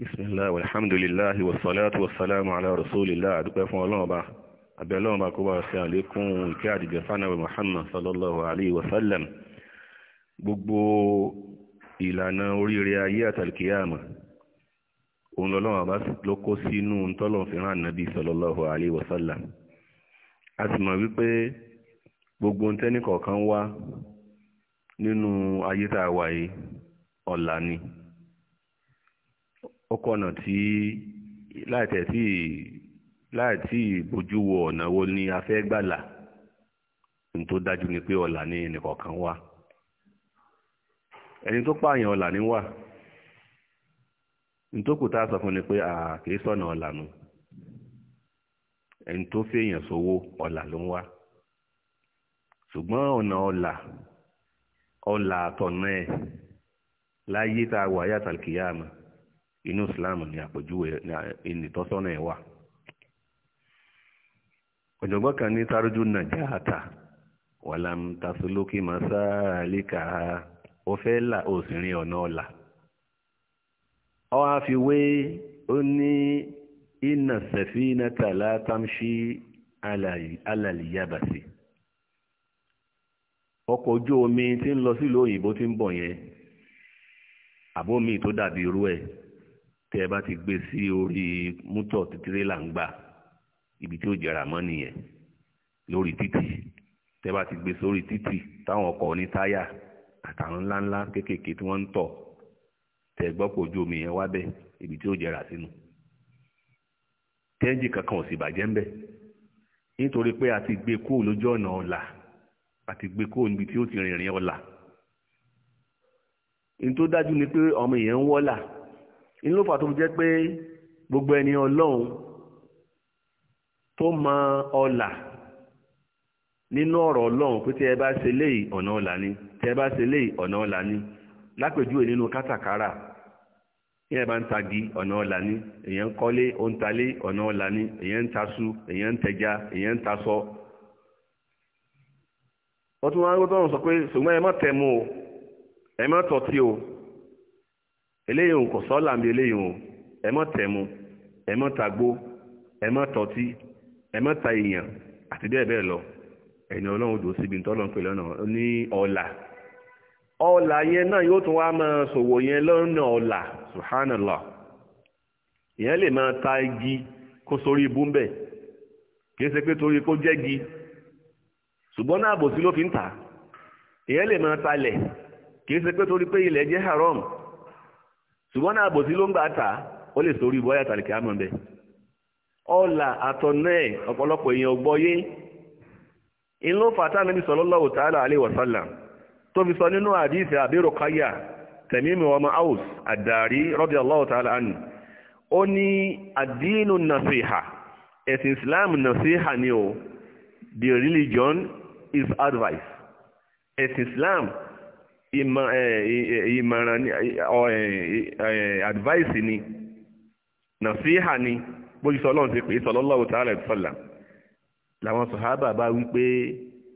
bismillah walhamdulillah wasalatu wasalamu ala rasulillah adúpẹ́ fún ọlọ́run ọba abẹ́ ọlọ́run ọba kó bá ṣe àlékún ìkẹ́ àdìjẹ fánàwé muhammad sallallahu alayhi wa sallam gbogbo ìlànà oríire ayé àtàlùkìyàmà òun lọ́lọ́run ọba ló kó sínú tọ́lọ̀ fìràn nàbí sallallahu alayhi wa sallam a sì mọ̀ wípé gbogbo tẹ́nìkọ̀ọ̀kan wá nínú ayé tá a wà yìí ni ó kọ̀nà tí láìtẹ̀tí láìtí ìbójú wo ọ̀nà wo ni a fẹ́ gbàlà ní tó dájú ni pé ọ̀là ni ẹnìkọ̀ọ̀kan wà ẹni tó pààyàn ọ̀là ni wà ní tó kù tá a sọ fún ni pé àkèé sọ̀nà ọ̀là nu ẹni tó fèèyàn sówó ọ̀là ló ń wá ṣùgbọ́n ọ̀nà ọ̀là ọ̀là àtọ̀nà ẹ̀ láyé tá a wà yàtàkìyà mọ́ inú islam ni àpèjúwe ìnìtọ́sọ́nà ẹ̀ wà ọ̀jọ̀gbọ́n kan ní àtà. tárújú nàjàáta wàlám tasolókì masáàlíkà ó fẹ́ là ó sì rin ọ̀nà ọ̀là. ọ á fi wé ó ní iná sẹ̀fínà tàlá tamṣí alàlìyàbàsì ọkọ̀ ojú omi tí ń lọ sílùú òyìnbó tí ń bọ̀ yẹn àbómi tó dàbí irú ẹ̀ tẹ́ ẹ bá ti gbé sí orí mútọ̀ títílé là ń gbà ibi tí ó jẹrà mọ́ nìyẹn lórí títì tẹ́ ẹ bá ti gbé sórí títì táwọn ọkọ̀ ní táyà àtàwọn ńláńlá kéékèèké tí wọ́n ń tọ̀ tẹ́ ẹ gbọ́ pé ojú omi yẹn wá bẹ́ ibi tí ó jẹrà sínú tẹ́ńjì kankan ò sì bàjẹ́ ń nítorí pé a ti gbé kó lójú ọ̀nà ọ̀la a ti gbé kó níbi tí ó ti rìnrìn ọ̀la ní tó dájú ni pé ọmọ èèyàn ń wọ́là inú ló fà tó fi jẹ́ pé gbogbo ẹni ọlọ́run tó mọ ọlà nínú ọ̀rọ̀ ọlọ́run pé tí ẹ bá ṣe léyìí ọ̀nà ọlà ni tí ẹ bá ṣe léyìí ọ̀nà ọlà ni lápèjúwe nínú kátàkárà yẹn bá ń tagi ọ̀nà ọ̀la ní èyàn ń kọ́lé òǹtalé ọ̀nà ọ̀la ní èyàn ń tasu èyàn ń tẹja èyàn ń tasọ. wọ́n tún wá ń gbọ́dọ̀ sọ pé ṣùgbọ́n ẹ má tẹ̀ mú o ẹ má tọ̀ tí o eléyìí òun kò sọ́ọ́là ń bí eléyìí òun ẹ mọ́ tẹ̀mu ẹ mọ́ tagbó ẹ mọ́ tọ́tí ẹ mọ́ ta èèyàn àti bẹ́ẹ̀ bẹ́ẹ̀ lọ ẹni ọlọ́run odò síbi ní tọ́lọ́n pè lọ́nà ní ọ̀la ọ̀la yẹn náà yóò tún wá máa ṣòwò yẹn lọ́nà ọ̀la subhanallah ìyẹn lè máa ta igi kó sórí ibú ń kì í ṣe pé torí kó jẹ́ igi ṣùgbọ́n náà àbòsí ló fi ń tà ìyẹn lè máa talẹ̀ kì í ṣe pé torí pé ilẹ̀ jẹ́ haram ṣùgbọ́n náà àbòsí ló ń gbà ta ó lè sórí ìbọn yàtàlì kí á mọ̀ bẹ́ẹ̀ ọ̀là àtọ̀nà ẹ̀ ọ̀pọ̀lọpọ̀ èèyàn gbọ́yé in ló fà tá níbi sallallahu ta'ala alaihi wasallam tó fi sọ nínú hadith Abi Ruqayya Tamim ọmọ Aus Ad-Dari radiyallahu ta'ala anhu ó ní ad-dinu ẹ̀sìn Islam nasiha ni o the religion is advice ẹ̀sìn Islam ìmọ̀ràn advice ni nàṣíhà ni bójúṣe ọlọ́run ti pè é sallallahu ta'ala sallam làwọn sọ̀hábà bá wí pé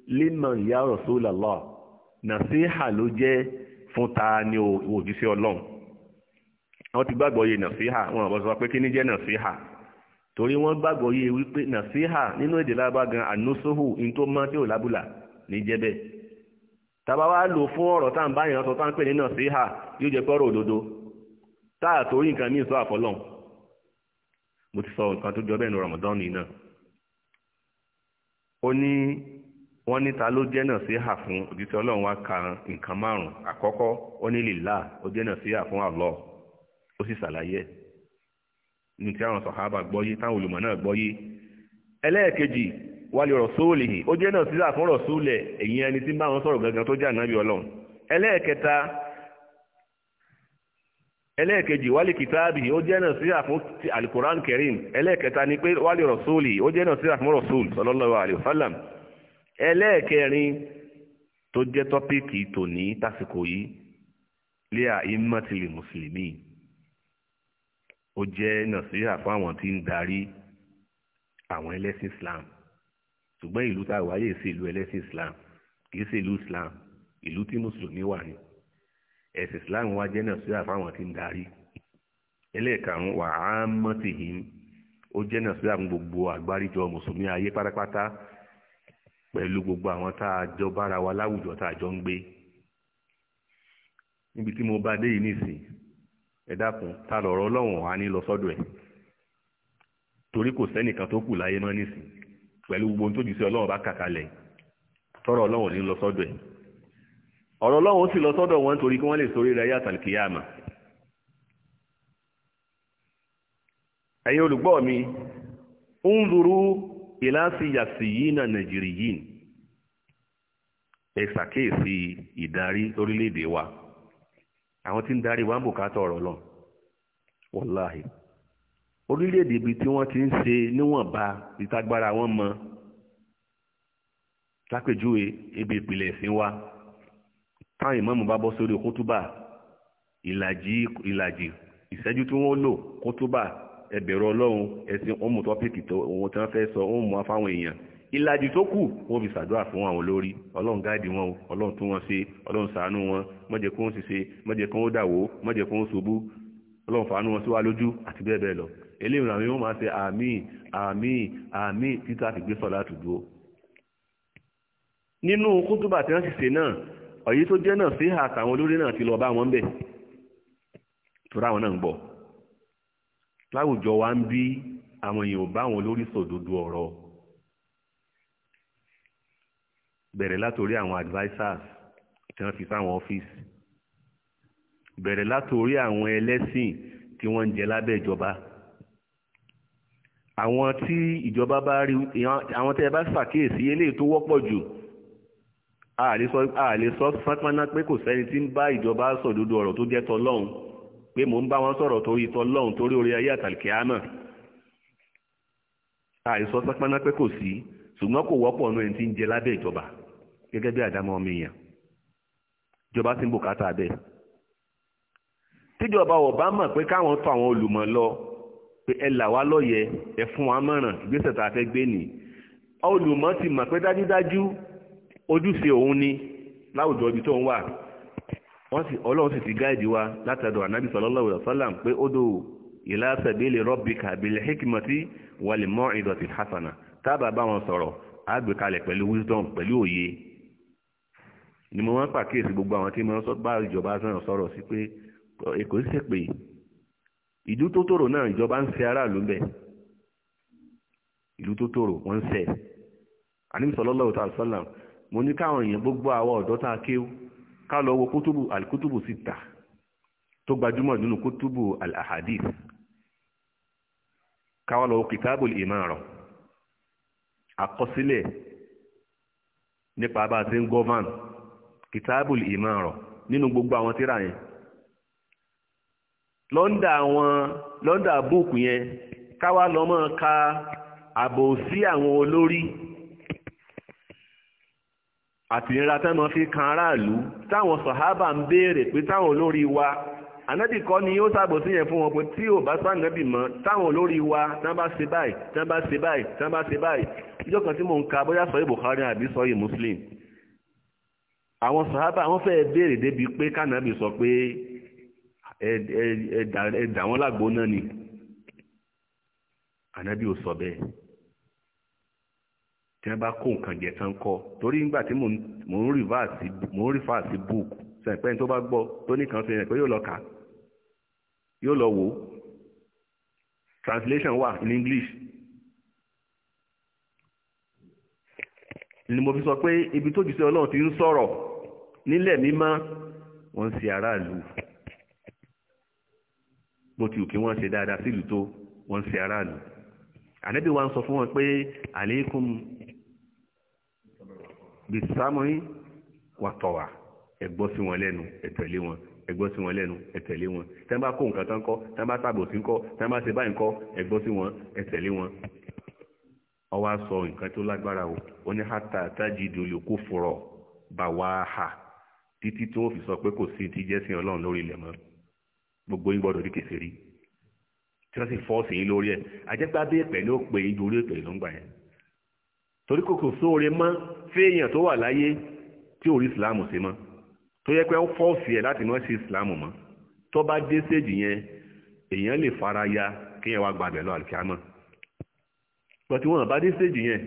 liman ya Rasulullah nàṣíhà ló jẹ́ fún ta ni òjíṣẹ́ ọlọ́run wọ́n ti gbàgbọ́ yé nàṣíhà wọn àbọ̀ sọ pé kí ni jẹ́ torí wọ́n gbàgbọ́ yé wípé nínú èdè ní tó tàbá wá lò fún ọ̀rọ̀ tá à ń bá yàn sọ tá ń pè nínà sí hà yóò jẹ́ pọ́rọ̀ òdodo nǹkan míì sọ àfọlọ́n mo ti sọ nǹkan tó jọ bẹ́ẹ̀ Ramadan yìí náà ó ní wọ́n ní ta ló jẹ́ sí fún òjíṣẹ́ ọlọ́run wá ka nǹkan márùn-ún àkọ́kọ́ ó ní lìlá ó jẹ́ náà sí hà fún àlọ́ ó sì ṣàlàyé ní ti àwọn sàhábà gbọ́yé táwọn olùmọ̀ náà gbọ́yé ẹlẹ́ẹ̀kejì wálé rọ̀súùlì ó jẹ́ náà sílà fún rọ̀súùlẹ̀ èyí ẹni tí bá wọn sọ̀rọ̀ gangan tó ọlọ́run ẹlẹ́ẹ̀kẹta ẹlẹ́ẹ̀kejì kìtáàbì ó jẹ́ náà fún kerim ẹlẹ́ẹ̀kẹta ni pé wálé rọ̀súùlì ó jẹ́ náà sílà fún rọ̀súùl sallallahu alaihi wasallam ẹlẹ́ẹ̀kẹrin tó jẹ́ tọ́píìkì tòní tásìkò yìí lé àìmọ́tìlì mùsùlùmí ó jẹ́ náà fún àwọn tí ń darí àwọn ẹlẹ́sìn Islam ṣùgbọ́n ìlú tá a wáyé sí ìlú ẹlẹ́sìn islam kìí ṣe ìlú islam ìlú tí mùsùlùmí wà ní ẹ̀sìn islam wá jẹ́ nàìjíríà fáwọn tí ń darí ẹlẹ́ẹ̀karùn-ún wà á mọ́tì yìí ó jẹ́ nàìjíríà fún gbogbo àgbáríjọ mùsùlùmí ayé pátápátá pẹ̀lú gbogbo àwọn tá a jọ bára wa láwùjọ tá a jọ ń gbé níbi tí mo bá dé yìí nìsín ẹ dákun ta lọ̀rọ̀ ọlọ́wọ̀n á ní lọ sọ́dọ̀ ẹ̀ torí kò sẹ́nìkan tó kù láyé mọ́ nísìn pẹ̀lú gbogbo tó jù sí ọlọ́run bá kàkalẹ̀ tọrọ ọlọ́run ní lọ sọ́dọ̀ ẹ̀ ọ̀rọ̀ ọlọ́run ó sì lọ sọ́dọ̀ wọn torí kí wọ́n lè sórí rẹ̀ yàtọ̀ kìyàmà ẹ̀yin olùgbọ́ mi ń luru ìlàsì yàsì yìí na nàìjírí yìí ẹ ṣàkíyèsí ìdarí lórílẹ̀-èdè wa àwọn tí ń darí wa ń bùkátà ọ̀rọ̀ ọlọ́run wàláhìí orílẹ̀-èdè ibi tí wọ́n ti ń ṣe níwọ̀nba ìtagbára wọn mọ lápèjúwe ibi ìpìlẹ̀ ẹ̀sìn wa táwọn ìmáàmù bá bọ́ sórí kótúbà ìlàjì ìlàjì ìṣẹ́jú tí wọ́n lò kótúbà ẹ̀bẹ̀rọ ọlọ́run ẹ̀sìn ọmọ tọ́pìkì tó ohun tí wọ́n fẹ́ sọ ó mú afáwọn èèyàn ìlàjì tó kù wọ́n fi ṣàdúrà fún àwọn olórí ọlọ́run gáàdì wọn ọlọ́run tún wọn ṣe ọlọ́run ṣàánú wọn má jẹ́ kó ń ṣiṣe má jẹ́ kó ń dàwó má jẹ́ kó ń ṣubú ọlọ́run fàánú wọn síwá lójú àti bẹ́ẹ̀ bẹ́ẹ̀ lọ eléyìí àwọn yóò máa ṣe àmín àmín àmín títà fi gbé sọ́lá tó dúró nínú kútùbà tí wọ́n sì ṣe náà ọ̀yí tó jẹ́ náà sí àtàwọn olórí náà ti lọ bá wọn bẹ̀ tóra wọn náà ń bọ̀ láwùjọ wa ń bí àwọn èèyàn bá wọn lórí sòdodo ọ̀rọ̀ bẹ̀rẹ̀ látòrí àwọn advisers tí wọ́n fi sáwọn ọ́fíìsì bẹ̀rẹ̀ látòrí àwọn ẹlẹ́sìn tí wọ́n ń jẹ lábẹ́ ìjọba àwọn tí ìjọba bá rí àwọn tẹ́ ẹ bá ṣàkíyèsí eléyìí tó wọ́pọ̀ jù àlè sọ sánpáná pé kò sẹ́ni tí ń bá ìjọba sọ̀dodo ọ̀rọ̀ tó jẹ́ tọlọ́hun pé mò ń bá wọn sọ̀rọ̀ torí tọlọ́hun torí orí ayé àtàlìkẹ́ àmà àlè sọ sánpáná pé kò sí ṣùgbọ́n kò wọ́pọ̀ nù ẹni tí ń jẹ lábẹ́ ìjọba gẹ́gẹ́ bí àdámọ́ ọmọ èèyàn ìjọba ti ń bùkátà bẹ́ẹ̀ tíjọba ọ̀bá mọ̀ pé káwọn tọ àwọn olùmọ̀ lọ pé ẹ là wá lọ́yẹ ẹ fún wa mọ̀ràn ìgbésẹ̀ tá a fẹ́ gbé nì olùmọ̀ ti mọ̀ pé dájúdájú ojúṣe òun ni láwùjọ ibi tó ń wà ọlọ́run sì ti gáàdì wa látàdọ̀ ànábì sallallahu alaihi pé ó dò ila sabili rabbika bil hikmati wal mau'izati hasana tábà bá wọn sọ̀rọ̀ á pẹ̀lú wisdom pẹ̀lú òye ni mo máa ń pàkíyèsí gbogbo àwọn tí mo bá ìjọba sọ̀rọ̀ sí pé èkó sì pé ìlú tó tòrò náà ìjọba ń ṣe aráàlú bẹ̀ ìlú tó tòrò wọ́n ń ṣe àníbi sallallahu ta'ala sallam mo ní káwọn èèyàn gbogbo àwọn ọ̀dọ́ tá a kéwú ká lọ wo kútùbù alìkútùbù síta tó gbajúmọ̀ nínú kútùbù alahadith káwọn lọ wo kìtàbù ìmọ̀ràn àkọsílẹ̀ nípa bá a ti ń gọ́vàn kìtàbù ìmọ̀ràn nínú gbogbo àwọn tíra yẹn lọ́ndà àwọn lọ́ndà búùkù yẹn káwá lọ́mọ ka àbòsí àwọn olórí àtìlera tán mọ́ fi kan aráàlú táwọn sàhábà ń béèrè pé táwọn olórí wa ànábì kọ́ ni ó sàbòsí yẹn fún wọn pé tí ò bá sànábì mọ́ táwọn olórí wa tán bá ṣe báyìí tán bá ṣe báyìí tán bá ṣe báyìí ìjọ kan tí mò ń ka bóyá sọ̀rọ̀ Bukhari àbí sọ̀rọ̀ Muslim àwọn sàhábà wọ́n fẹ́ béèrè débi pé kánábì sọ pé ẹ dà wọ́n lágbo náà ni ànábì ò sọ bẹ́ẹ̀ tí wọ́n bá kó nǹkan jẹ tán kọ́ torí nígbà tí mò ń rìfà sí book sẹ̀pẹ́ tó bá gbọ́ tó nìkan fi hàn pé yóò lọ kà yóò lọ wò translation wà in English ni mo fi sọ pé ibi tó jù sí Ọlọ́run ti ń sọ̀rọ̀ nílẹ̀ mímọ́ wọ́n ń ṣe aráàlú bó ti òkè wọ́n ṣe dáadáa sílùú tó wọ́n ṣe aráàlú ànábì wa ń sọ fún wọn pé àlékún bisámọ́yìn wà tọ̀wà ẹ gbọ́ sí wọn lẹ́nu ẹ tẹ̀lé wọn ẹ gbọ́ sí wọn lẹ́nu ẹ tẹ̀lé wọn tẹ́ bá kó nǹkan tán kọ́ tẹ́ bá tàbò sí kọ́ tẹ́ bá ṣe báyìí kọ́ ẹ gbọ́ sí wọn ẹ tẹ̀lé wọn ó wá nǹkan tó lágbára o ó ní hátà tájìdì olùkó fọ̀rọ̀ bá wá hà títí tó fi sọ pé kò sí ti jẹ́sìn ọlọ́run lórí ilẹ̀ mọ́ gbogbo yín gbọ́dọ̀ di kèfèrí tí wọ́n sì fọ́ọ̀sì yín lórí ẹ̀ àjẹpẹ́ abẹ́ pẹ̀lú òpè yín ju orí òpè ló ń gbà yẹn torí kò kò sóore mọ́ fẹ́ẹ̀yàn tó wà láyé tí ò rí ìsìláàmù sí mọ́ tó yẹ pé ó fọ́ọ̀sì ẹ̀ láti má sí ìsìláàmù mọ́ tó bá dé séèjì yẹn èèyàn lè fara ya kí ẹ wá gbàgbẹ́ lọ àlùkìámọ́ pọ̀tí wọn bá dé séèjì yẹn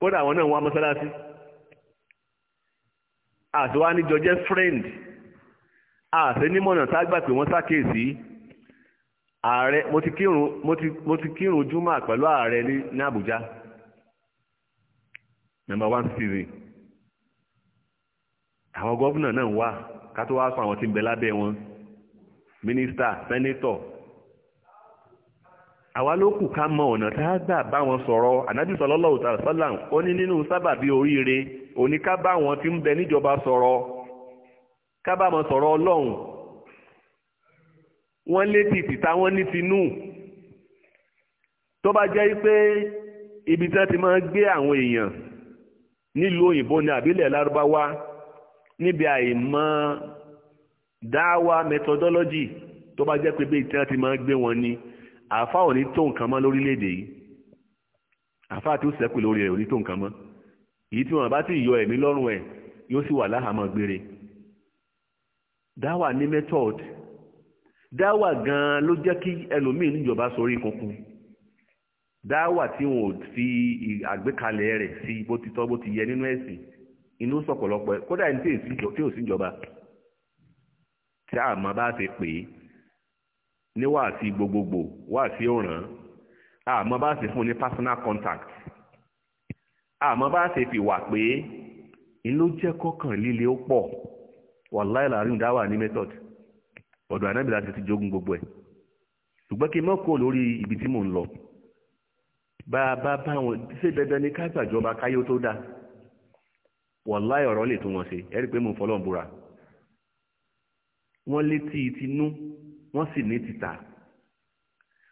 kódà àwọn náà wá mọ́sálásí àti wá níjọ jẹ́ friend àṣẹ nímọ̀nà tá a gbà pé wọ́n ṣàkíyèsí ààrẹ mo ti kírun mo ti pẹ̀lú ààrẹ ní Àbújá number one season àwọn gọ́vùnà náà wà ká wá sọ àwọn tí ń bẹ lábẹ́ wọn mínísítà sẹ́nétọ̀ àwa ló kù ká mọ ọ̀nà tá a gbà bá wọn sọ̀rọ̀ ànábì sallallahu ta'ala ó ní nínú sábàbí oríire wọn kábàámọ̀ sọ̀rọ̀ ọlọ́run wọ́n létí tìta wọ́n ní tinú tó bá jẹ́ pé ibi tí wọ́n ti máa ń gbé àwọn èèyàn nílùú òyìnbó ní àbílẹ̀ lárúbáwá níbi àìmọ̀ dáwà methodology tó bá jẹ́ pé bí tí ti máa ń gbé wọn ni àfa ò ní tó nǹkan mọ́ lórílẹ̀‐èdè yìí àfa tí ó sẹ́kù lórí rẹ̀ ò ní tó nǹkan mọ́ èyí tí wọ́n bá ti yọ ẹ̀mí lọ́rùn ẹ̀ yóò sì wà láhàámọ́ gbére dáwà ní method dáwà gan-an ló jẹ́ kí ẹlòmíín níjọba sórí kunkun dáwà tí wọn ò fi àgbékalẹ̀ rẹ̀ sí bó ti tọ́ bó ti yẹ nínú ẹ̀sìn inú sọ̀pọ̀lọpọ̀ kódà ẹni tí ò sí ìjọba tí a máa bá ti pè é ní wáàsí gbogbogbò wáàsí òràn a máa bá ti fún ní personal contact a máa bá ti fi wà pé inú jẹ́ kọ́kàn ó pọ̀ wàláì láàrin dáwà ní method ọ̀dọ̀ ànábì láti ti jogun gbogbo ẹ̀ ṣùgbọ́n kí n mọ́ kó lórí ibi tí mò ń lọ bá a bá bá wọn ṣé dandan ni ká gbàjọba káyé tó dáa wàláì ọ̀rọ̀ lè tún wọn ṣe ẹ̀rí pé mò ń fọlọ́n búra wọ́n létí tinú wọ́n sì ní tìta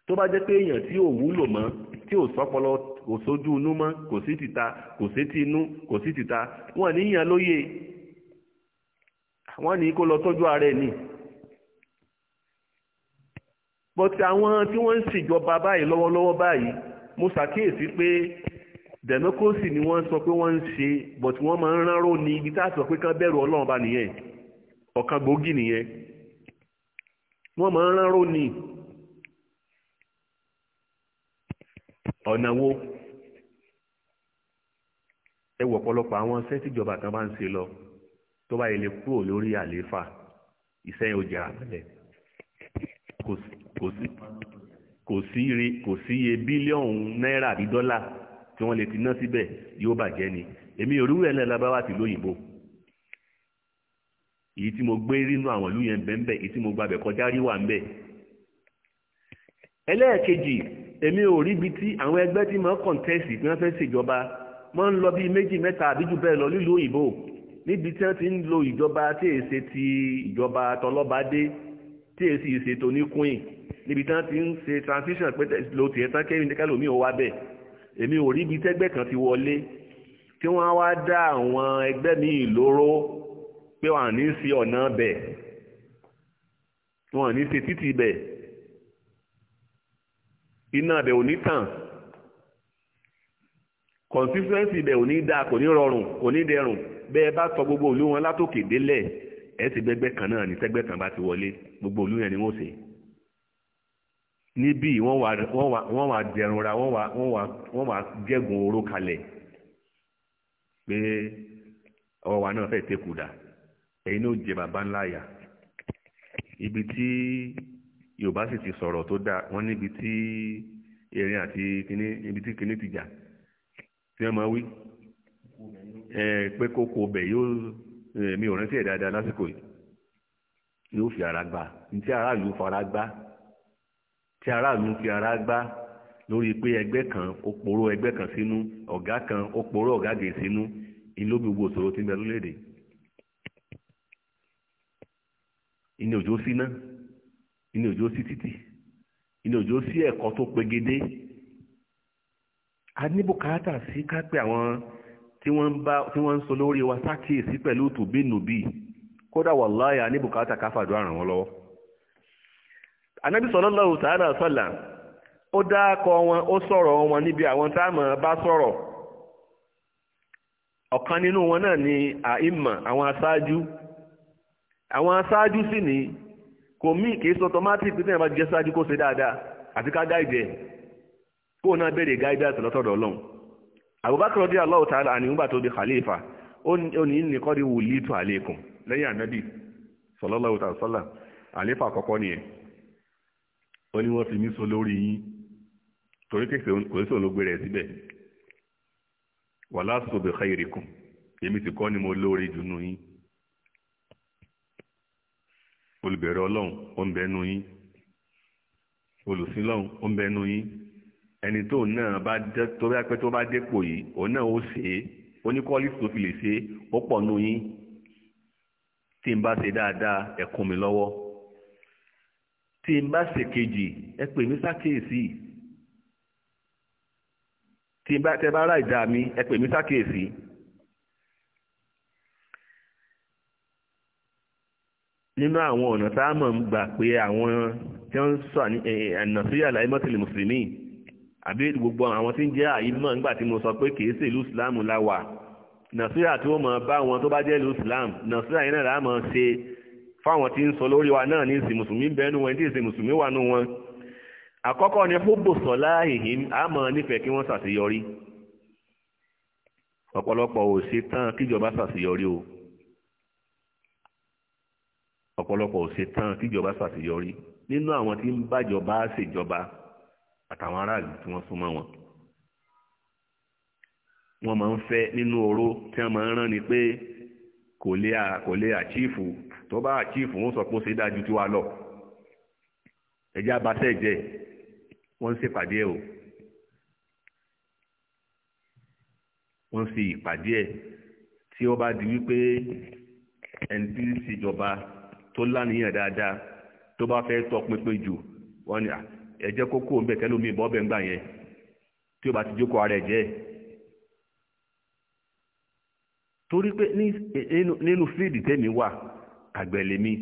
tó bá jẹ́ pé èèyàn tí ò wúlò mọ́ tí ò sọ́pọlọ kò sójú inú mọ́ kò sí tìta kò sí tinú kò sí tìta wọ́n níyàn lóye wọ́n ní kó lọ tọ́jú ààrẹ ni but àwọn tí wọ́n ń ṣèjọba báyìí lọ́wọ́lọ́wọ́ báyìí mo ṣàkíyèsí pé democracy ni wọ́n sọ pé wọ́n ń ṣe but wọ́n máa ń ránró ní ibi tá a sọ pé kán bẹ̀rù ọlọ́run bá nìyẹn ọ̀kan gbòógì nìyẹn wọ́n máa ń ránró ní ọ̀nà wo ẹ wọ̀ ọ̀pọ̀lọpọ̀ àwọn ṣẹ́tìjọba kan bá ń ṣe lọ tó bá yẹ lè kúrò lórí àlééfà iṣẹ́ yẹn ò jẹ́ àpẹẹrẹ kò sí ire kò sí iye bílíọ̀nù náírà àbí dọ́là tí wọ́n lè ti ná síbẹ̀ yóò bàjẹ́ ni èmi ò rúwẹ̀ lẹ́ lábáwá tìlú òyìnbó èyí tí mo gbé rínú àwọn ìlú yẹn bẹ́ẹ̀ èyí tí mo gbàbẹ̀ kọjá rí wà ń bẹ̀. ẹlẹ́ẹ̀kejì èmi ò rí tí àwọn ẹgbẹ́ tí mo kọ̀ǹtẹ́sì tí wọ́n fẹ́ ṣèjọba wọ́n ń lọ bíi méjì mẹ́ta àbí jù bẹ́ẹ̀ lọ nílùú òyìnbó níbi tí wọ́n ti ń lo ìjọba tí èyí ṣe ti ìjọba tọlọ́badé tí èyí sì ṣe toníkùn níbi tí wọ́n ti ń ṣe transition pé lo tiẹ̀ tán kẹ́rin kẹ́lòmí ò wá bẹ́ẹ̀ èmi ò rí ibi tẹ́gbẹ́ kan ti wọlé tí wọ́n wá dá àwọn ẹgbẹ́ míì lóró pé wọ́n ní sí ọ̀nà bẹ̀ wọ́n ní sí títì bẹ̀ iná bẹ̀ ò ní tàn constituency bẹ̀ ò ní dáa kò ní rọrùn kò ní dẹrùn bẹ́ẹ̀ bá tọ gbogbo ìlú wọn látòkè délẹ̀ ẹ sì gbẹgbẹ́ kan náà ní tẹ́gbẹ́ kan bá ti wọlé gbogbo ìlú yẹn ni wọ́n ṣe níbí wọ́n wà dẹrunra wọ́n wà gẹ́gùn oró kalẹ̀ pé ọwọ́ wa náà fẹ́ tẹ́kùdà ẹ̀yin ló jẹ bàbá ńlá yà ibi tí Yorùbá sì ti sọ̀rọ̀ tó dáa wọ́n níbi tí erin àti kíní ibi tí kíní ti jà tí wọ́n máa wí pé kókó ọbẹ̀ yóò mi ò rántí ẹ̀ dáadáa lásìkò yìí yóò fi ara gbá tí aráàlú fara gbá tí aráàlú fi ara gbá lórí pé ẹgbẹ́ kan ó poró ẹgbẹ́ kan sínú ọ̀gá kan ó poró ọ̀gá gè sínú inú gbogbo òṣòro tí ń bẹ lórílẹ̀‐èdè inú òjò síná inú òjò sí títì inú òjò sí ẹ̀kọ́ tó pegedé a ní bùkátà sí ká pé àwọn tí wọ́n ń sọ lórí wa sí pẹ̀lú tùbínùbí kódà láyà ní bukata káfàdó àràn wọn lọ́wọ́ anábì sallallahu ó dákọ wọn ó sọ̀rọ̀ wọn níbi àwọn táàmù bá sọ̀rọ̀ ọ̀kan nínú wọn náà ni àwọn àwọn sì kò mí kìí sọ bá kó dáadáa àti ká kó náà Abubakar rọ́dí Allah ta'ala àní ńgbà tó di khalifa ó ní nìkan rí wùlí tó àlékún lẹ́yìn ànábì sallallahu ta'ala sallam àléfà àkọ́kọ́ nìyẹn ó ní wọ́n fi mí so lórí yín torí kéèké kò sí òun ló gbé rẹ̀ síbẹ̀ wala astu bi khairikum èmi sì kọ́ ni mo lóore jù nù olùbẹ̀rẹ̀ ọlọ́run ó ń bẹ nù yín ó ń bẹ nù ẹni tó náà bá dé tó bá pẹ́ tó bá dépò yìí òun náà ó ṣe é ó ní kọ́lí tó fi lè ṣe é ó pọ̀ nù yín tí n bá ṣe dáadáa ẹ kún mi lọ́wọ́ tí n bá ṣe kejì ẹ pè mí sákèésì tí n bá tẹ bá ra ìdá mi ẹ pè mí sákèésì. nínú àwọn ọ̀nà tá a mọ̀ ń gbà pé àwọn tí wọ́n ń sọ àná sí àlàyé mọ́tìlì mùsùlùmí àbí gbogbo àwọn tí ń jẹ́ àyímọ̀ nígbà tí mo sọ pé kìí ṣe ìlú ìsìláàmù la wà nàṣírà tí wọ́n mọ̀ bá wọn tó bá jẹ́ ìlú ìsìláàmù nàṣírà yìí náà là á mọ̀ ṣe fáwọn tí ń sọ lórí wa náà ní ìsìn mùsùlùmí bẹ́ẹ̀ nu wọn tí ìsìn mùsùlùmí wà nù wọn àkọ́kọ́ ni hóbò sọ̀lá ìhìn àmọ́ nífẹ̀ẹ́ kí wọ́n ṣàṣeyọrí ọ̀pọ̀lọpọ̀ ò ṣe tán kíjọba ṣàṣeyọrí o ọ̀pọ̀lọpọ̀ ò ṣe tán kíjọba ṣàṣeyọrí nínú àwọn tí ń bájọba ṣèjọba àtàwọn aráàlú tí wọ́n súnmọ́ wọn wọ́n máa ń fẹ́ nínú oró tí wọ́n máa ń rán ni pé kò lè kò lè àchífù tó bá àchífù wọ́n sọ pé ó ṣe dájú tí wà lọ ẹ̀jẹ̀ abasẹ́ jẹ́ wọ́n ń ṣèpàdé ẹ̀ o wọ́n ń ṣe ìpàdé ẹ̀ tí ó bá di wípé ẹni tí ń ṣèjọba tó láníyàn dáadáa tó bá fẹ́ tọpinpin jù wọ́n ní ẹ̀jẹ̀ kókó ń bẹ̀ kẹ́lómi ìbọn ọbẹ̀ ń gbà yẹn tí ó bá ti jókòó ara ẹ̀ jẹ́ ẹ̀ torí pé nínú fíìdì tẹ́mi wà àgbẹ̀ lèmi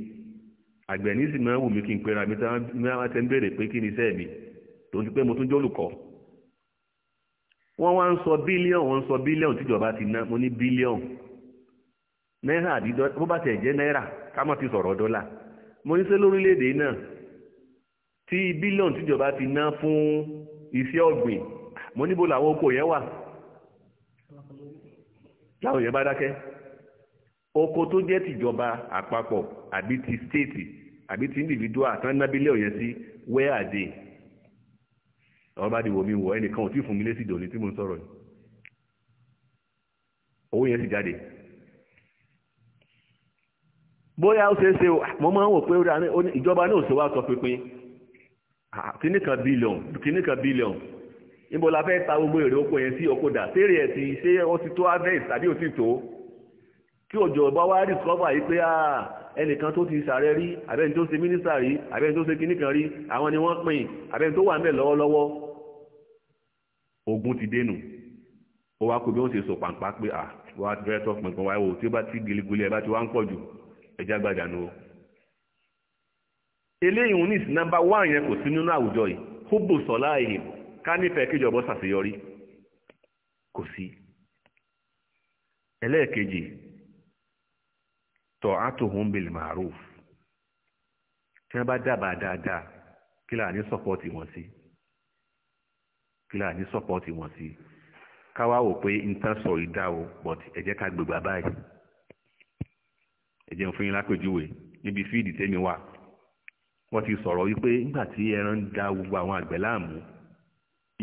àgbẹ̀ ní sì máa wù mí kí n pera mi tí wọ́n ti ń béèrè pé kí ni iṣẹ́ mi tó ti pé mo tún jólùkọ́ wọ́n wá ń sọ bílíọ̀n wọ́n ń sọ bílíọ̀n tíjọba ti ná mo ní bílíọ̀n náírà àbí bó bá tẹ̀ jẹ́ náírà ká má ti sọ̀rọ̀ dọ́là mo ní ṣé lórílẹ̀‐èdè náà tí bílíọ̀n tíjọba ti ná fún iṣẹ́ ọ̀gbìn mo níbo làwọn oko yẹn wà láwọn yẹn bá dákẹ́ oko tó jẹ́ tìjọba àpapọ̀ àbí ti stéètì àbí ti individual àtàn ná bílíọ̀n yẹn sí where are they àwọn bá di wò mí wọ ẹnìkan ò tí fún mi lé sí ìdòní tí mo ń sọ̀rọ̀ yìí owó yẹn sì jáde bóyá ó ṣeé ṣe mo máa ń wò pé ìjọba náà ṣe wá sọ pínpín kíní kan bílíọ̀n kíní kan bílíọ̀n níbo la fẹ́ ta gbogbo èrè oko yẹn sí oko dà sérè ẹ̀ ti ṣé ó ti tó adrẹ́sì tàbí ó ti tó kí òjò bá wá rí kọ́fà yìí pé ah, ẹnìkan tó ti sàrẹ́ rí àbẹ́ni tó ṣe mínísà rí àbẹ́ni tó ṣe kíní kan rí àwọn ni wọ́n pín àbẹ́ni tó wà ń bẹ̀ lọ́wọ́lọ́wọ́ ogun ti dénú ó wá kó bí wọ́n ṣe sọ pàǹpá pé wọ́n á fẹ́ tọ́ pínpín wáyé wò tí ó bá ti giligili ẹ̀ bá ti wá ń pọ̀ jù ẹ̀já gbàdánù o eléyìí òun ní ìsìn nọ́mbà wá yẹn kò sí nínú àwùjọ yìí húbù sọ̀lá ìhìn ká nífẹ̀ẹ́ kíjọba ṣàṣeyọrí kò sí ẹlẹ́ẹ̀kejì ta'atuhum bil ma'ruf tí wọ́n bá dábàá dáadáa kí láà ní sọ́pọ́ọ̀tì wọn sí kí láà ní sọ́pọ́ọ̀tì wọn sí káwá wò pé n tán sọ ìdá o but ẹ jẹ́ ká gbégbá báyìí ẹ jẹ́ fún lápèjúwe níbi fíìdì tẹ́mi wà wọ́n ti sọ̀rọ̀ wípé nígbà tí ẹran ń da gbogbo àwọn àgbẹ̀ láàmú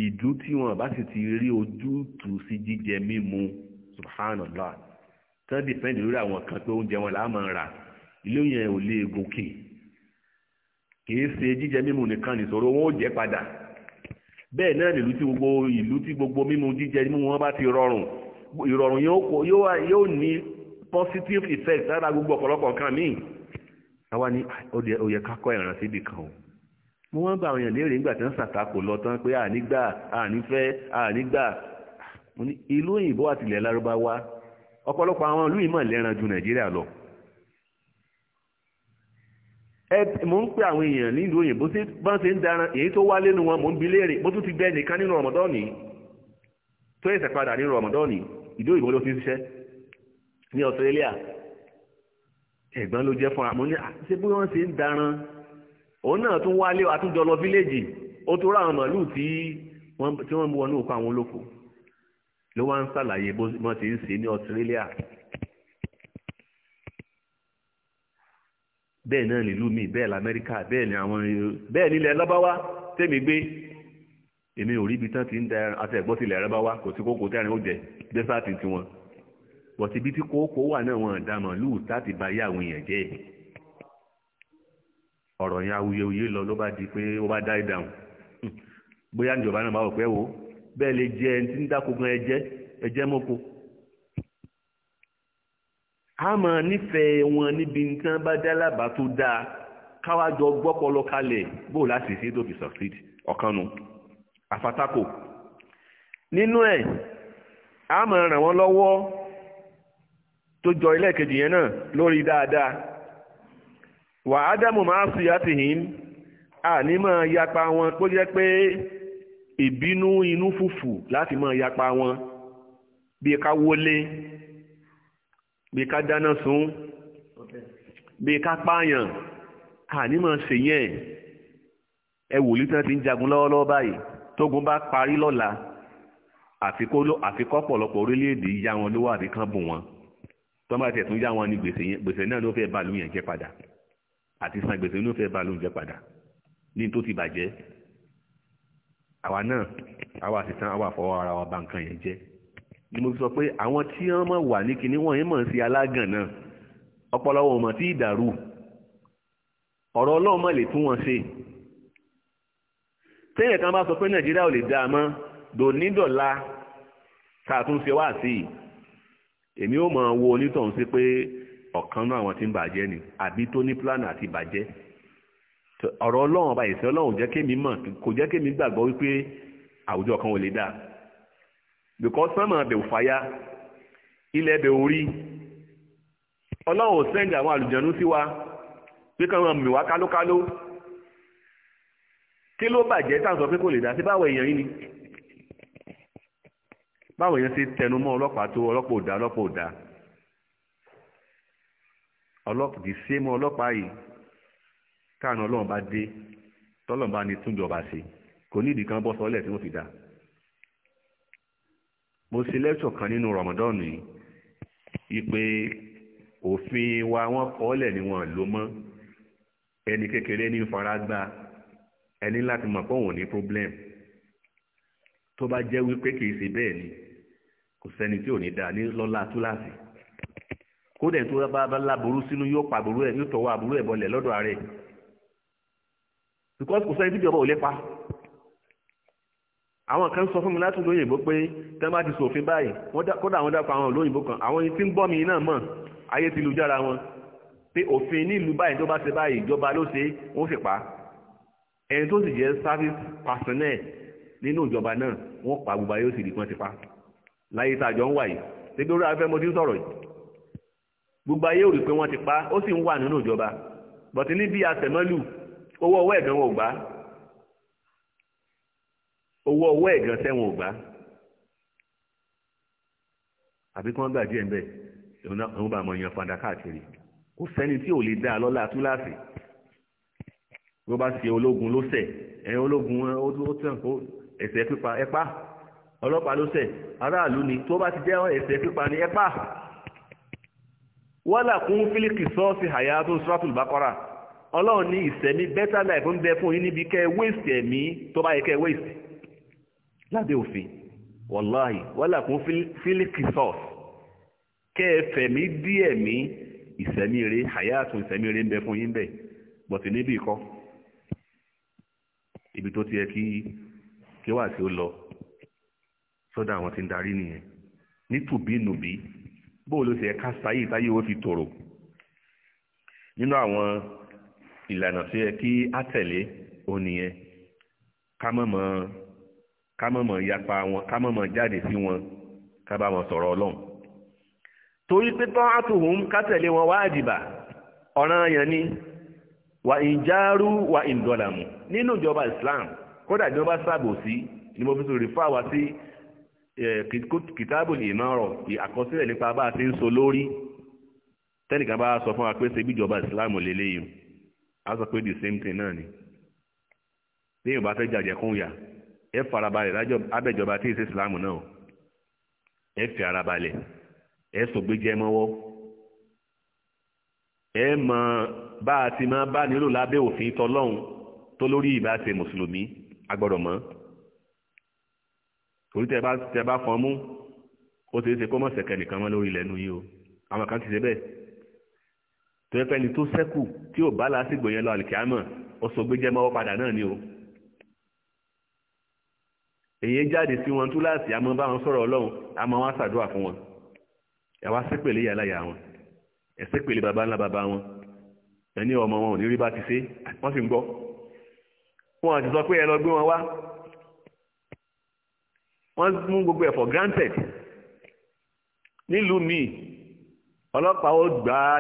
ìdú tí wọn bá sì ti rí ojútùú sí jíjẹ mímu subhanallah tán dìpẹ́ndì lórí àwọn kan pé oúnjẹ wọn làá máa rà ilé yẹn ò lè gòkè kìí ṣe jíjẹ mímu nìkan nìṣòro wọn ò jẹ padà bẹ́ẹ̀ náà nílùú tí gbogbo ìlú tí gbogbo mímu jíjẹ mímu wọn bá ti rọrùn ìrọ̀rùn yóò ní positive effect lára gbogbo ọ̀pọ̀lọpọ̀ kan míì àwa ah, oye ó yẹ ká síbi kan o mo wọ́n bá àwọn èèyàn léèrè nígbà tí wọ́n lọ tán pé ànígbà ànífẹ́ ànígbà ìlú òyìnbó àtìlẹ̀ lárúbáwá ọpọlọpọ àwọn ìlú ìmọ̀ lẹ́ran ju nàìjíríà lọ mo ń pè àwọn èèyàn nílùú òyìnbó tí bọ́n ṣe ń èyí tó wá lẹ́nu wọn mo ń bi léèrè mo tún ti bẹ́ẹ̀ nìkan nínú ọmọdọ́ọ̀nì tó ẹ̀sẹ̀ padà nínú ìdó ti ṣiṣẹ́ ní ẹ̀gbọ́n ló jẹ́ fún àmọ́ ní ah, ṣé bí wọ́n ṣe ń daran òun náà tún wálé àtúnjọ lọ fíléèjì ó tó ráwọn màlúù tí wọ́n mú wọnú òkú àwọn olóko ló wá ń ṣàlàyé bó wọ́n ti ń ṣe ní Australia bẹ́ẹ̀ náà nílùú mi bẹ́ẹ̀ lamẹ́ríkà bẹ́ẹ̀ ni àwọn bẹ́ẹ̀ nílẹ̀ lọ́báwá tẹ́mi gbé èmi ò rí ibi tán ti ń da àtẹ̀gbọ́sílẹ̀ rẹ́báwá kò sí kókó tẹ́rin ó jẹ dẹ́sáàtì tiwọn bọ̀tí ibi tí kókó wà náà wọn àdá màálùú láti bá yá àwọn èèyàn jẹ́ ọ̀rọ̀ yẹn awuyewuye lọ ló bá di pé ó bá dá ìdáhùn bóyá níjọba náà bá wọ̀ pé wo bẹ́ẹ̀ lè jẹ ẹni tí ń dáko gan ẹjẹ́ ẹjẹ́ mọ́ko a máa nífẹ̀ẹ́ wọn níbi tí wọ́n bá dá lábàá tó dáa káwájọ gbọ́pọlọ kalẹ̀ bó láti ṣe tó succeed ọ̀kanu àfatákò nínú ẹ̀ a máa ràn wọ́n lọ́wọ́ tó jọ ẹlẹ́ẹ̀kejì yẹn náà lórí dáadáa wà ádámù máa fi àtìhìn àní máa yapa wọn tó jẹ́ pé ìbínú inú fùfù láti máa yapa wọn bí ká wọlé bí ká dáná sun bí ká pààyàn àní máa ṣèyẹn ẹ wòlí tí wọ́n ti ń jagun lọ́wọ́lọ́wọ́ báyìí tógun bá parí lọ́la àfikọ́ pọ̀lọpọ̀ orílẹ̀-èdè yá wọn lówó àbí kan bù wọn tó bá tẹ̀ tún yá wọn ní gbèsè yẹn gbèsè náà ló fẹ́ bá lóun yẹn jẹ́ padà àti san gbèsè ló fẹ́ bá lóun jẹ́ padà ní tó ti bàjẹ́ àwa náà àwa àtìsán àwa àfọwọ́ ara wa bá nǹkan yẹn jẹ́ ni mo sọ pé àwọn tí wọ́n mọ̀ wà ní kinní wọ̀nyí mọ̀ sí alágàn náà ọpọlọ wọn mọ̀ tí ìdàrú ọ̀rọ̀ ọlọ́run mọ̀ lè tún wọn ṣe téèyàn kan bá sọ pé nàìjíríà ò lè dáa mọ́ dònídọ̀la tààtúnṣe wá sí i èmi ó máa wo onítọ̀hún sí pé ọ̀kan náà àwọn tí ń bàjẹ́ ni àbí tó ní pílánà àti bàjẹ́ ọ̀rọ̀ ọlọ́run ọba ìṣẹ́ ọlọ́run jẹ́ kémi mọ̀ kò jẹ́ kémi gbàgbọ́ wípé àwùjọ kan ò lè dáa because sánmà abẹ ò fàyà ilẹ̀ abẹ ò rí ọlọ́run ò sẹ́ndì àwọn àlùjànnú sí wa pé káwọn mìwá kálókáló kí ló bàjẹ́ táwọn sọ pé kò lè dáa sí báwo èèyàn yìí ni báwo yẹn ṣe tẹnu mọ́ ọlọ́pàá tó ọlọ́pàá òdà ọlọ́pàá òdà ọlọ́pàá kìí ṣe mọ́ ọlọ́pàá yìí káàánú ọlọ́run bá dé tọ́lọ́run bá ní túnjọba ṣe kò ní ìdí kan bọ́ sọ́lẹ̀ tí wọ́n fi dá mo ṣe lẹ́tọ̀ kan nínú Ramadan yìí ipe òfin wa wọ́n kọ́lẹ̀ ni wọ́n lò mọ́ ẹni kékeré ní faragbá ẹni láti mọ̀ pé òun ní problem tó bá jẹ́ wípé kì í ṣe bẹ́ẹ̀ ni kò sẹ́ni tí ò ní dáa ní lọ́lá túláàsì kódà tó bá láború sínú yóò pàború ẹ̀ yóò tọwọ́ àbúrú ẹ̀ bọlẹ̀ lọ́dọ̀ ààrẹ because kò sẹ́ni tí ìjọba ò lè pa àwọn kan sọ fún mi láti lóyìnbó pé tẹ́ bá ti ṣòfin báyìí kódà àwọn dápọ̀ àwọn olóyìnbó kan àwọn ẹni tí ń gbọ́ mi náà mọ̀ ayé ti lu jára wọn pé òfin nílùú báyìí tó bá ṣe báyìí ìjọba ló ṣe wọ́n sì pa ẹni tó sì jẹ́ service personnel nínú ìjọba náà wọ́n pa gbogbo ayé òsì nìkan ti pa láyé tá a jọ ń wà yìí ṣébi orí afẹ́ mo ti ń sọ̀rọ̀ yìí gbogbo ayé ò rí pé wọ́n ti pa ó sì ń wà nínú ìjọba bọ̀tí níbi àtẹ̀mọ́lù owó ọwọ́ ẹ̀gàn wọn ò gbà owó ọwọ́ ẹ̀gàn sẹ́wọ̀n ò gbà àbí kí wọ́n gbà díẹ̀ ń bẹ̀ òun bá mọ̀ yan padà káàkiri kò sẹ́ni tí ò lè dá a lọ́la túláàsì bó bá ṣe ológun ló sẹ̀ ẹ̀yin ológun ó tàn kó ẹ̀ṣẹ̀ pípa ẹ̀pá ọlọ́pàá ló ṣẹ̀ aráàlú ni tó bá ti jẹ́ ẹ̀ṣẹ̀ pípa ni ẹ̀pá wọ́là kún fílíkì sọ́ọ̀sì àyà tó sọ́tùl bákọ́rà ọlọ́run ní ìsẹ̀mí bẹ́tà láìpẹ́ ń bẹ fún yín níbi kẹ́ wéèsì ẹ̀mí tó bá yẹ kẹ́ wéèsì lábẹ́ òfin wọ́láhì wọ́là kún fílíkì sọ́ọ̀sì kẹ́ ẹ fẹ̀mí dí ẹ̀mí ìsẹ̀mí rẹ àyà tó ìsẹ̀mí rẹ ń bẹ fún yín bẹ́ẹ̀ bọ̀tì níbí kọ́ ibi tó ti yẹ kí kí wà tí ó lọ sọ́dọ̀ àwọn tí ń darí nìyẹn nítùbínùbí bóò ló ṣe ẹ̀ka sáyé táyé ó fi tòrò nínú àwọn ìlànà tó yẹ kí á tẹ̀lé ó nìyẹn ká mọ̀mọ̀ yapa wọn ká mọ̀mọ̀ jáde sí wọn ká bá wọn sọ̀rọ̀ ọlọ́run torí pé tán átùhùn ká tẹ̀lé wọn wájìbà ọ̀ranyàn ni wà ìjárú wà ìdọ̀làmù nínú ìjọba Islam kódà bí wọ́n bá ṣàbòsí ni mo fi sọ rìfà wá sí kìtàbù ìmọ̀ràn àkọsílẹ̀ nípa bá a ti ń so lórí tẹ́nìkan bá sọ fún wa pé ṣe bíjọba ìsìláàmù lélẹ́yìn a sọ pé the same thing náà ni léyìn bá fẹ́ jàjẹ́ kún yà ẹ farabalẹ̀ lájọ abẹ́jọba tí ì ṣe ìsìláàmù náà ẹ fi ara balẹ̀ ẹ sògbéjẹ mọ́wọ́ ẹ mọ bá a ti máa bá nílò lábẹ́ òfin tọlọ́hun tó lórí ìbá mùsùlùmí agbọ́dọ̀ mọ́ torí tẹ bá tẹ bá fọn mú ó ṣeé ṣe kó mọ̀ sẹ̀kẹ́ nìkan mọ́ lórí ilẹ̀ nu yìí o àwọn kan ti ṣe bẹ́ẹ̀ tó yẹ fẹ́ni tó sẹ́kù tí ò bá lásìgbò yẹn lọ àlìkíámọ̀ ó sọ gbé jẹ́ mọ́wọ́ padà náà ni o èyí jáde sí wọn túláàsì àmọ́ bá wọn sọ̀rọ̀ ọlọ́run àmọ́ wọn ṣàdúrà fún wọn ẹwà ṣépèlé yàláyà wọn ẹṣépèlé baba ńlá baba wọn ẹni ọmọ wọn ò ní rí bá ti ṣe wọn sì ń gbọ́ wọn ti sọ pé ẹ lọ gbé wọn wá wọ́n mú gbogbo ẹ̀ for granted nílùú míì ọlọ́pàá ó gbà á